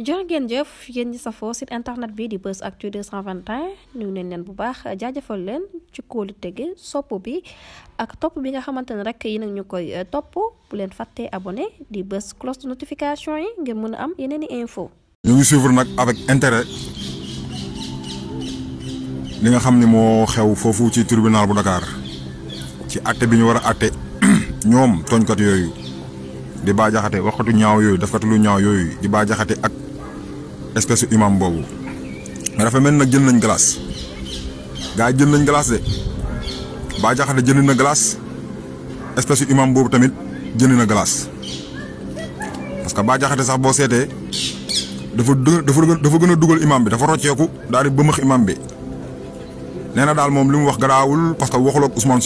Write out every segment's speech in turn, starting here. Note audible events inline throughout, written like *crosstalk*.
jërë ngeen jëf yéen ñi safoo site internet bi di bës Actu 221 ñu neen leen bu baax jaajafal leen ci kóolu tege sopp bi ak topp bi nga xamante ne rek yi nag ñu koy eh, topp bu leen fàttee abone di bës cloche de notification yi ngir mën a am yeneen i info ñu ngi suivre nag avec intérêt li nga xam ni moo xew foofu ci tribunal bu Dakar ci àtte bi ñu war a àtte *clears throat* ñoom tooñkat yooyu di Bah Diakhaté waxkatu ñaaw yooyu dafkatu lu ñaaw yooyu di Bah Diakhaté ak espèce imam boobu dafa mel nag jël nañ glace gars yi jël nañ glace de Bah Diakhaté jënd na glace espèce imam boobu tamit jënd na glace parce que Bah Diakhaté sax boo seetee dafa dafa dafa gën a dugal imam bi dafa rocceeku daal di bëmëx imam bi nee na daal moom li mu wax garaawul parce que waxul ak Ousmane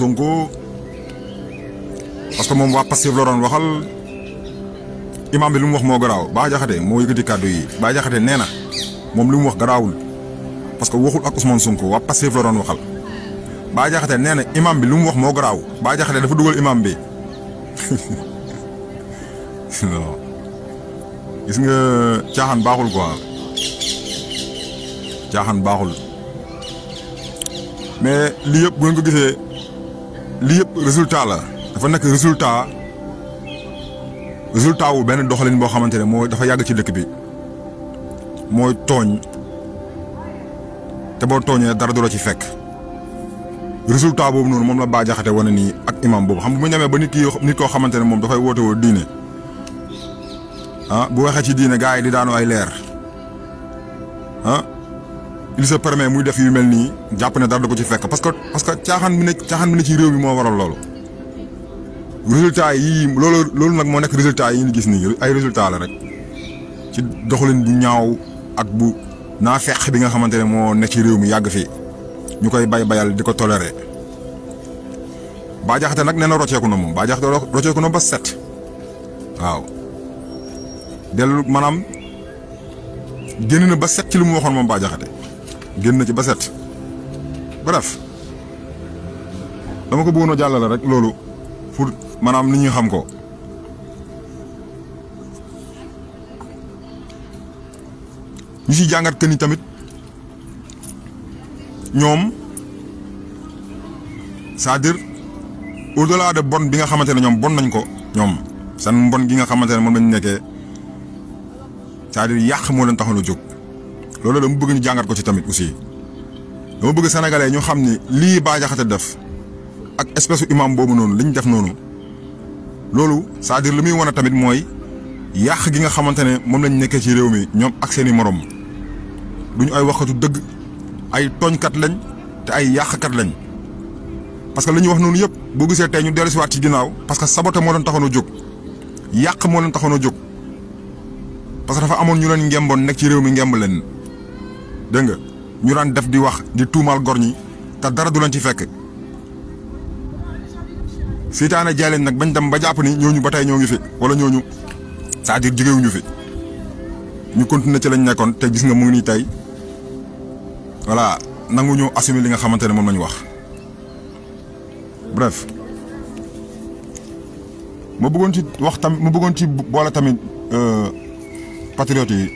que moom waa Pastef la waxal. imam bi lu mu wax moo garaaw baa Diakhaté moo di kàddu yi Bah Diakhaté nee na moom li mu wax garaawul parce que waxul ak Ousmane Sonko waa Pastef la doon waxal baa Diakhaté nee na imaam bi lu mu wax moo garaaw baa Diakhaté dafa dugal imaam bi *laughs* non nga caaxaan baaxul quoi caaxaan baaxul mais lii yëpp bu ngeen gisee lii yëpp résultat la dafa nekk résultat. résultat wu benn doxalin boo xamante ne mooy dafa yàgg ci dëkk bi mooy tooñ te boo tooñee dara du la ci fekk résultat boobu noonu moom la Bah Diakhaté wane nii ak imam boobu xam bu ñu demee ba nit ki nit koo xamante ne moom dafay woote woo diine ah, bu waxee ci diine gaa yi di daanu ay leer ah il se permet muy def yu mel nii jàpp ne dara du ko ci fekk parce que parce que caaxaan bi ne caaxaan bi ne ci réew mi moo waral loolu. résultat yi loolu loolu nag moo nekk résultat yi ñu gis nii ay résultat la rek ci doxalin bu ñaaw ak bu naa feq bi nga xamante ne moo ne ci réew mi yàgg fii ñu koy bay bayal di ko toléré Bah Diakhaté nag nee na rocceeku na moom Bah Diakhaté rocceeku na ba set waaw dellu maanaam génn na ba set ci li mu waxoon moom Bah Diakhaté génn na ci ba set bref dama ko bëggoon a jàllale rek loolu pour maanaam nit ñu xam ko ñu ci jàngat que ni tamit ñoom c'est-à-dire au-delà de bon bi nga xamante ne ñoom bon nañ ko ñoom seen bon gi nga xamante ne moom lañ nekkee cest à yàq moo leen taxoon a jóg loolu dama bëgg ñu jàngat ko ci tamit aussi dama bëgg sénégalais ñu xam ni lii Bah def ak espèce u imam boobu noonu liñ def noonu loolu cest à li muy wane tamit mooy yàq gi nga xamante ne moom lañ nekkee ci réew mi ñoom ak seen i morom duñu ay waxatu dëgg ay tooñkat lañ te ay yàqkat lañ parce que li ñu wax noonu yëpp boo gisee tey ñu dellu siwaat ci ginnaaw parce que saboté moo leen taxoon a jóg yàq moo leen taxoon a jóg parce que dafa amoon ñu leen ngemboon nekk ci réew mi ngemb leen dégg nga ñu daan def di wax di tuumaal gor ñi te dara du leen ci fekk. seytaane jaay leen nag bañ dem ba jàpp ni ñooñu ba tey ñoo ngi fi wala ñooñu c'est-à-dire jógewuñu fi ñu continuer ci lañ nekkoon te gis nga mu ngi nii tey voilà nangu ñu assumer li nga xamante ne moom la ñu wax bref ma buggoon ci wax tamit ma buggoon ci boole tamit euh, patriotes yi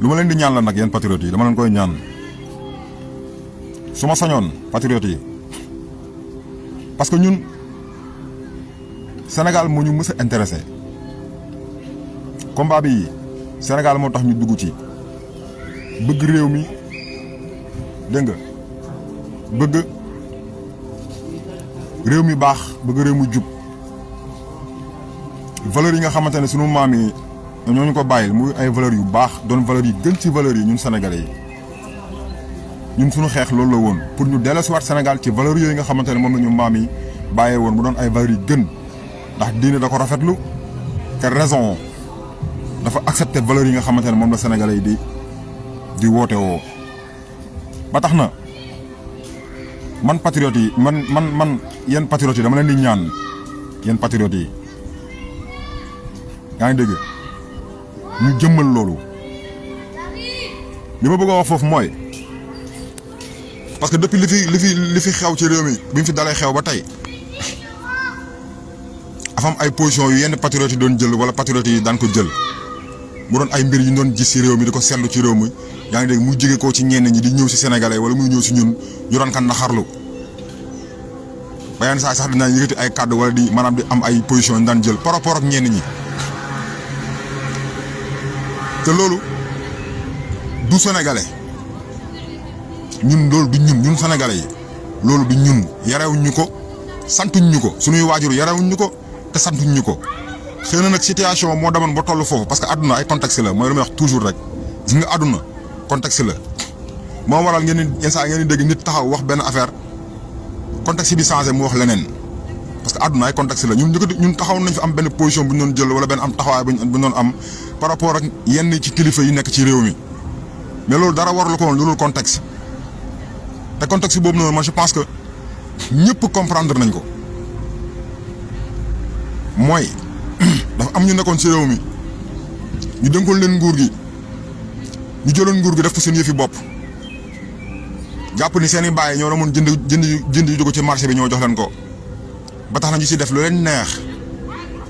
lu ma leen di ñaan la nag yéen patriotes yi dama leen koy ñaan su ma sañoon patriotes yi. parce que ñun Sénégal moo ñu mës a intéressé combat bi Sénégal moo tax ñu dugg ci bëgg réew mi dégg nga bëgg réew mi baax bëgg réew mi jub valeurs yi nga xamante ne sunu maam yi ñoo ñu ko bàyyi muy ay valeurs yu baax doon valeurs yi gën ci valeurs yi ñun sénégalais yi. ñun suñu xeex loolu la woon pour ñu delloosiwaat Sénégal ci valeurs yooyu nga xamante ne moom la ñu maam yi bàyyee woon mu doon ay valeurs yi gën ndax diine da ko rafetlu te raison dafa accepter valeur yi nga xamante ne moom la Sénégalais yi di di woote ba tax na man patriote yi man man man yenn patriote yi dama leen di ñaan yenn patriote yi yaa ngi dégg ñu jëmmal loolu li ma bëgg a wax foofu mooy. parce que depuis li fi li fi li fi xew ci réew mi bi mu fi dalee xew ba tey dafa ay position yu yenn patriotes yi doon jël wala patriotes yi daan ko jël mu doon ay mbir yu ñu doon gis réew mi di ko seetlu ci réew mi yaa ngi dégg mu jóge koo ci ñenn ñi di ñëw si sénégalais wala muy ñëw si ñun ñu doon kan naxarlu ba yenn saa sax dinaa yëkkati ay kàddu wala di maanaam di am ay position yu daan jël par rapport ak ñenn ñi te loolu du sénégalais. ñun loolu du ñun ñun sénégalais yi loolu du ñun yarewuñ ñu ko santuñ ñu ko suñuy waajur yarewuñ ñu ko te santuñ ñu ko xëy na nag situation moo demoon ba toll foofu parce que àdduna ay contexte la mooy lu wax toujours rek nga àdduna contexte la moo waral ngeen di yenn saa ngeen dégg nit taxaw wax benn affaire contexte bi changé mu wax leneen parce que àdduna ay contexte la ñun ñu ñun taxaw nañ fi am benn position bu ñu doon jël wala benn am taxawaay bu ñu doon am par rapport ak yenn ci kilifa yi nekk ci réew mi mais loolu dara warul ko woon loolu contexte. te contexte boobu noonu moi je pense que ñëpp comprendre nañ ko mooy *clears throat* dafa am ñu nekkoon ci mi ñu dénkoon leen nguur gi ñu jëloon nguur gi def ko seen yëfi bopp jàpp ni seen i bàyyi ñoo doon jënd jënd jënd yu jóge ci marché bi ñoo jox leen ko ba tax na ci def lu leen neex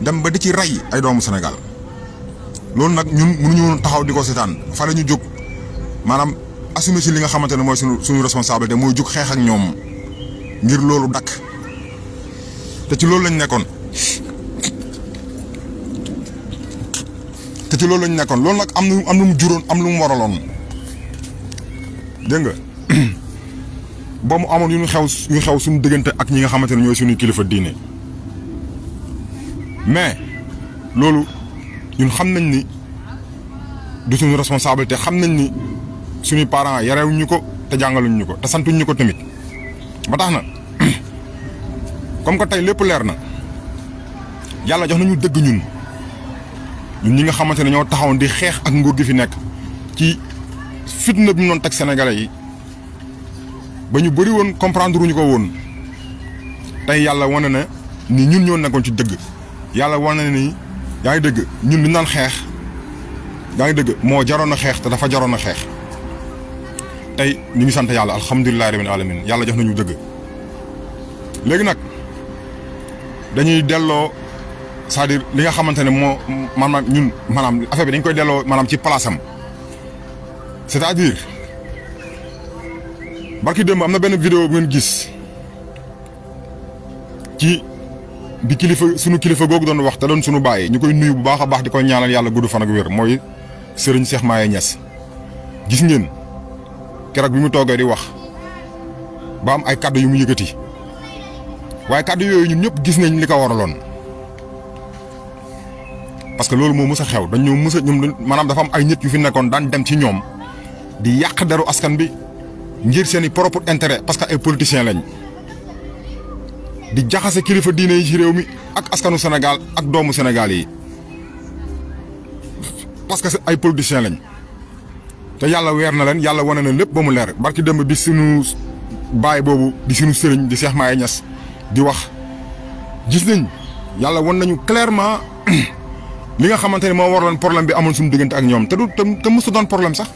dem ba di ci rey ay doomu Sénégal loolu nag ñun mënuñu taxaw di ko seetaan fa la ñu jóg maanaam. assumer ci li nga xamante ne mooy suñu suñu responsabilité mooy jug xeex ak ñoom ngir loolu dakk te ci loolu lañ nekkoon te ci loolu lañ nekkoon loolu nag am na am lu mu juróon am lu mu waraloon dégg nga *coughs* ba mu amoon yu ñu xew yu xew suñu diggante ak ñi nga xamante ne ñooy suñuy kilifa diine mais loolu ñun xam nañ ni du suñu responsabilité xam nañ ni. suñuy parent yarewuñu ko te jàngaluñu ko te santuñu ko tamit ba tax na *clears throat* comme que tey lépp leer na yàlla jox nañu dëgg ñun ñun ñi nga xamante ne ñoo taxawoon di xeex ak nguur gi fi nekk ci fitna bi mu doon teg sénégalais yi ba ñu bëri woon comprendre wuñu ko woon tey yàlla wane na ni ñun ñoo nekkoon ci dëgg yàlla wane na ni yaa ngi dëgg ñun li naan xeex yaa ngi dëgg moo jaroon a xeex te dafa jaroon a xeex. tey ñu ngi sant yàlla alhamdulilah rabbil alamin yàlla jox nañu dëgg léegi nag dañuy delloo cest li nga xamante ne moo maanaam ñun maanaam affaire bi dañ koy delloo maanaam ci place am c'est-à-dire barki démb am na benn vidéo bu ngeen gis ci bi kilifa sunu kilifa googu doon wax te doon sunu bàyyi ñu koy nuyu bu baax baax di koy ñaanal yàlla gudd fan ak wér mooy Serigne Cheikh Maye Niass gis ngeen. keroog bi mu toogee di wax ba am ay kàddu yu mu yëkkati waaye kàddu yooyu ñun ñëpp gis nañ li ko waraloon parce que loolu moo mës a xew dañ ñoo mës a ñoom maanaam dafa am ay nit yu fi nekkoon daan dem ci ñoom di yàq deru askan bi ngir seeni i propre intérêt parce que ay politiciens lañ di jaxase kilifa diine yi ci réew mi ak askanu Sénégal ak doomu Sénégal yi parce que ay politiciens lañ. te yàlla weer na leen yàlla wane na lépp ba mu leer barki démb bi suñu baay boobu di suñu sëriñ di seex Maye Niass di wax gis nañ yàlla wan nañu clairement *clears throat* li nga xamante ne moo waroon problème bi amoon suñu diggante ak ñoom te du te mosul doon problème sax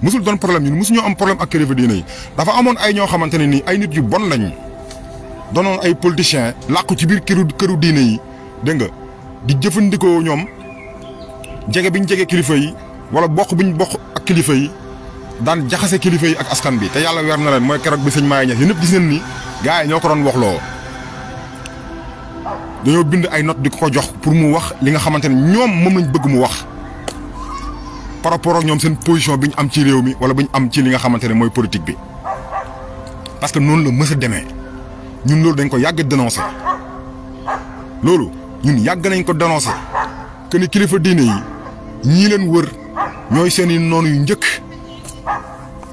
mosul doon problème ñun mosuñoo am problème ak kilifa diine yi dafa amoon ay ñoo xamante ne nii ay nit yu bon lañu doonoon ay politiciens làqu ci biir këru këru diine yi dégg nga di jëfandikoo ñoom jege biñ jege kilifa yi. wala bokk bi ñu bokk ak kilifa yi daan jaxase kilifa yi ak askan bi te yàlla weer na leen mooy keroog bi sëñ Maye Niass yéen ñëpp gis ngeen ni gars yi ñoo ko doon wax loo dañoo bind ay note di ko jox pour mu wax li nga xamante ne ñoom moom lañ bëgg mu wax par rapport ak ñoom seen position bi ñu am ci réew mi wala bi ñu am ci li nga xamante ne mooy politique bi parce que noonu la mës a demee ñun loolu dañ ko yàgg dénoncé loolu ñun yàgg nañ ko dénoncé que ni kilifa ñooy seen i noonu yu njëkk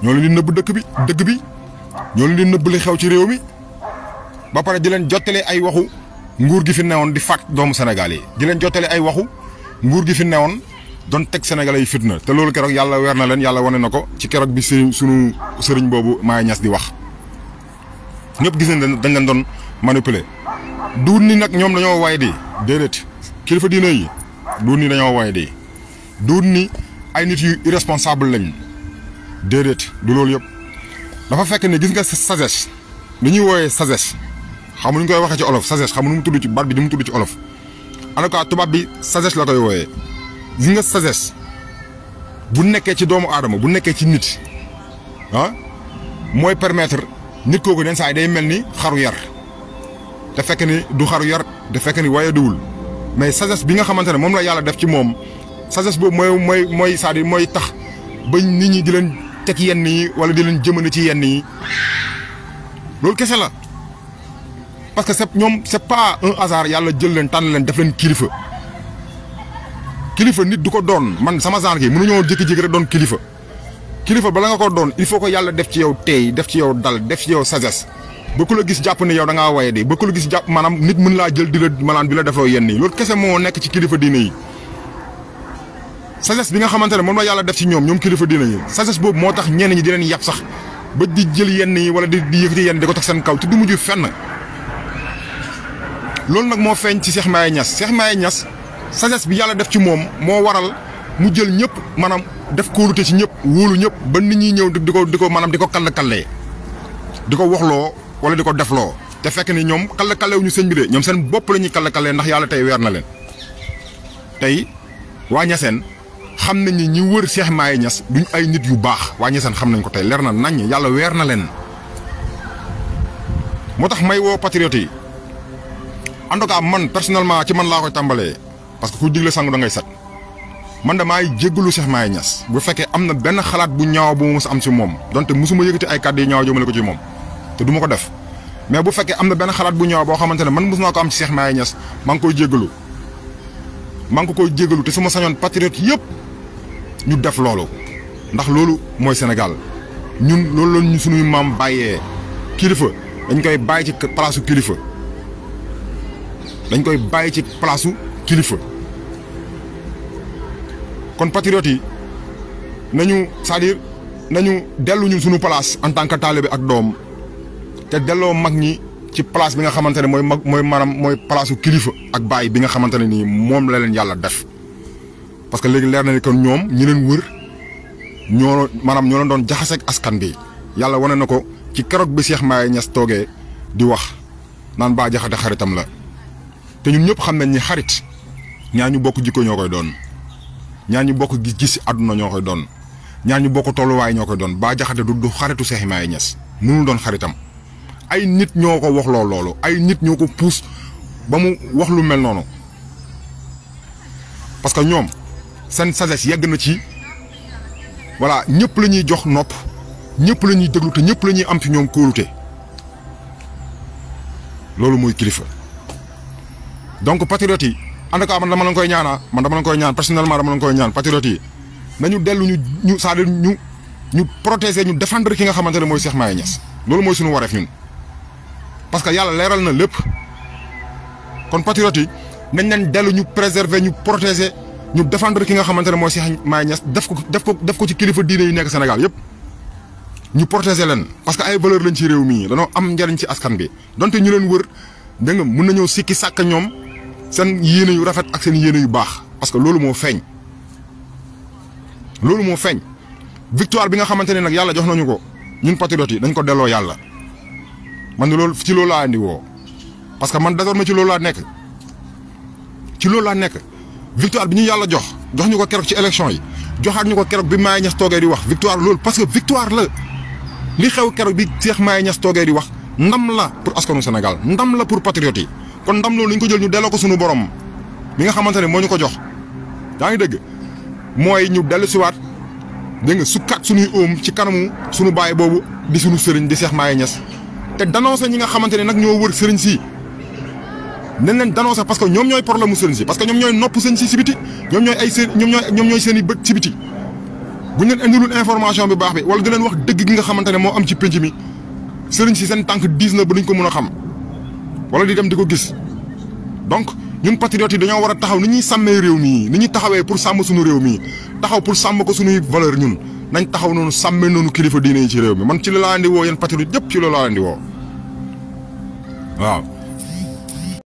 ñoo leen di nëbb dëkk bi dëgg bi ñoo leen di nëbb li xew ci réew mi ba pare di leen jottalee ay waxu nguur gi fi newoon di fàtt doomu Sénégal yi di leen jottalee ay waxu nguur gi fi newoon doon teg Sénégalais yi fitna te loolu keroog yàlla weer na leen yàlla wane na ko ci keroog bi sëriñ sunu sëriñ boobu Maye ñas di wax ñëpp gis nañ dañ leen doon manipuler duut ni nag ñoom dañoo waay di déedéet kilifa diine yi duut ni dañoo waay di ay nit yu irresponsable lañ déedéet du loolu yëpp dafa fekk ne gis nga sagesse li ñuy wooyee sagesse xam nu ñu koy waxee ci olof sagesse xam nu mu tudd ci baat bi ni mu tudd ci olof en tubaab bi sagesse la koy wooye gis nga sagesse bu nekkee ci doomu aadama bu nekkee ci nit ah mooy permettre nit kooku den saa yi day mel ni xaru yar te fekk ni du xaru yar te fekk ni waaye duwul mais sagesse bi nga xamante ne moom la yàlla def ci moom. sagesse boobu mooy mooy mooy cest à mooy tax ba nit ñi di leen teg yenn yi wala di leen jëmale ci yenn yi loolu kese la parce que c'est ñoom c'est pas un hasard yàlla jël leen tànn leen def leen kilifa kilifa nit du ko doon man sama genre gi mënuñoo jékki-jékki rek doon kilifa kilifa bala nga ko doon il faut que yàlla def ci yow teey def ci yow dal def ci yow sagesse ba ku la gis jàpp ne yow da ngaa waye de ba ku la gis jàpp maanaam nit mën laa jël di la maanaam la defloo yenn yi loolu kese nekk ci kilifa diine yi. sagesse bi nga xamante ne moom la yàlla def ci ñoom ñoom kilifa diina ñi sagesse boobu moo tax ñenn ñi di leen yàpp sax ba di jël yenn yi wala di di yëkkati yenn di ko teg seen kaw te du mujj fenn loolu nag moo feeñ ci Cheikh Maye Niass Cheikh Maye ñas sagesse bi yàlla def ci moom moo waral mu jël ñëpp maanaam def kóolute ci ñëpp wóolu ñëpp ba nit ñi ñëw di ko di ko maanaam di ko kall kallee di ko waxloo wala di ko defloo te fekk ni ñoom kall kallewuñu sëñ bi de ñoom seen bopp la ñuy kall kallee ndax tey weer na leen tey xam nañ ne ñi wër Cheikh Maye Niass duñ ay nit yu baax waa ñeseen xam nañ ko tey leer na naññ yàlla weer na leen moo tax may woo patriote yi en tout am man personnellement ci man laa koy tàmbalee parce que ku digle sangu da ngay set man de maay jéggalu Cheikh Maye ñas bu fekkee am na benn xalaat bu ñaaw bu mu mës am ci moom donte mosuma yëkkati ay kàddu yu ñaaw jëmale ko ci moom te du ko def mais bu fekkee am na benn xalaat bu ñaaw boo xamante ne man mos naa ko am ci Cheikh Maye Niass maa ngi koy jéggalu maa ngi ko koy jéggalu te sañoon patriote yëpp ñu def loolu ndax loolu mooy Sénégal ñun loolu la ñu suñuy maam bàyyee kilifa dañ koy bàyyi ci palaasu kilifa dañ koy bàyyi ci palaasu kilifa kon patriotes yi nañu c'est-à-dire nañu dellu ñun suñu place en tant que taalibe ak doom te delloo mag ñi ci place bi nga xamante ne mooy mag mooy maanaam mooy palaasu kilifa ak baay bi nga xamante ne nii moom la leen yàlla def parce que léegi leer na ne que ñoom ñi leen wër ñoo maanaam ñoo leen doon jaxaseeg askan bi yàlla wane na ko ci keroog bi Cheikh Maye Niass toogee di wax naan Bah Diakhaté xaritam la te ñun ñëpp xam nañ ni xarit ñaa ñu bokk jikko ñoo koy doon ñaa ñu bokk gi gis àdduna ñoo koy doon ñaa ñu bokk tolluwaay ñoo koy doon Bah Diakhaté du du xaritu Cheikh Maye Niass mënul doon xaritam ay nit ñoo ko wax loolu ay nit ñoo ko puus ba mu wax lu mel noonu parce que ñoom. seen sagesse yegg na ci voilà ñëpp la ñuy jox nopp ñëpp la ñuy déglu te ñëpp la ñuy am ci ñoom kóolute loolu mooy kilifa donc patriotes yi en tout cas man dama la koy ñaanaa man dama la koy ñaan personnellement dama la koy ñaan patriotes yi nañu dellu ñu ñu c'est-à-dire ñu ñu protéger ñu défendre ki nga xamante ne mooy Cheikh Maye Niass loolu mooy suñu wareef ñun parce que yàlla leeral na lépp kon patriotes yi nañ leen dellu ñu préserver ñu protéger. ñu défendre ki nga xamante ne mooy Cheikh Maye Niass def ko def ko def ko ci kilifa diine yu nekk Sénégal yëpp ñu protéger leen parce que ay valeur lañ ci réew mii danoo am njariñ ci askan bi donte ñu leen wër da mun mën nañoo sikki sàkk ñoom seen yéene yu rafet ak seen yéene yu baax parce que loolu moo feeñ loolu moo feeñ victoire bi nga xamante ne nag yàlla jox nañu ko ñun patriotes yi dañ ko delloo yàlla man loolu ci loolu laa andi woo parce que man désormais ci loolu laa nekk ci loolu laa nekk. victoire bi ñu yàlla jox jox ñu ko keroog ci élection yi joxaat ñu ko keroog bi Maye Niass toogee di wax victoire loolu parce que victoire la li xew keroog bi Cheikh Maye Niass toogee di wax ndam la pour askanu Sénégal ndam la pour patriote yi kon ndam loolu ñu ko jël ñu delloo ko suñu borom bi nga xamante ne moo ñu ko jox. yaa ngi dëgg mooy ñu dellu siwaat dégg nga sukkaat suñuy óom ci kanamu suñu baay boobu di suñu sëriñ di Cheikh Maye Niass te danoo sa ñi nga xamante ne nag ñoo wër sëriñ si. nañ leen danoo sax parce que ñoom ñooy que ñoom ñooy nopp sëñ si si biti ñoom ñooy ay seen ñoom ñooy ñoom ñooy seen bët si bu ñu indilul information bi baax bi wala di leen wax dëgg gi nga xamante ne moo am ci pénc mi si seen tànk diis na ba duñ ko mën a xam wala di dem di ko gis donc ñun patriotes yi dañoo war a taxaw ni ñuy sàmmee réew mii ni ñuy taxawee pour sàmm suñu réew mii taxaw pour sàmm ko suñuy valeur ñun nañ taxaw noonu sàmmee noonu kilifa diine yi ci réew mi man ci la laa woo yéen patriotes yëpp ci la laa woo waaw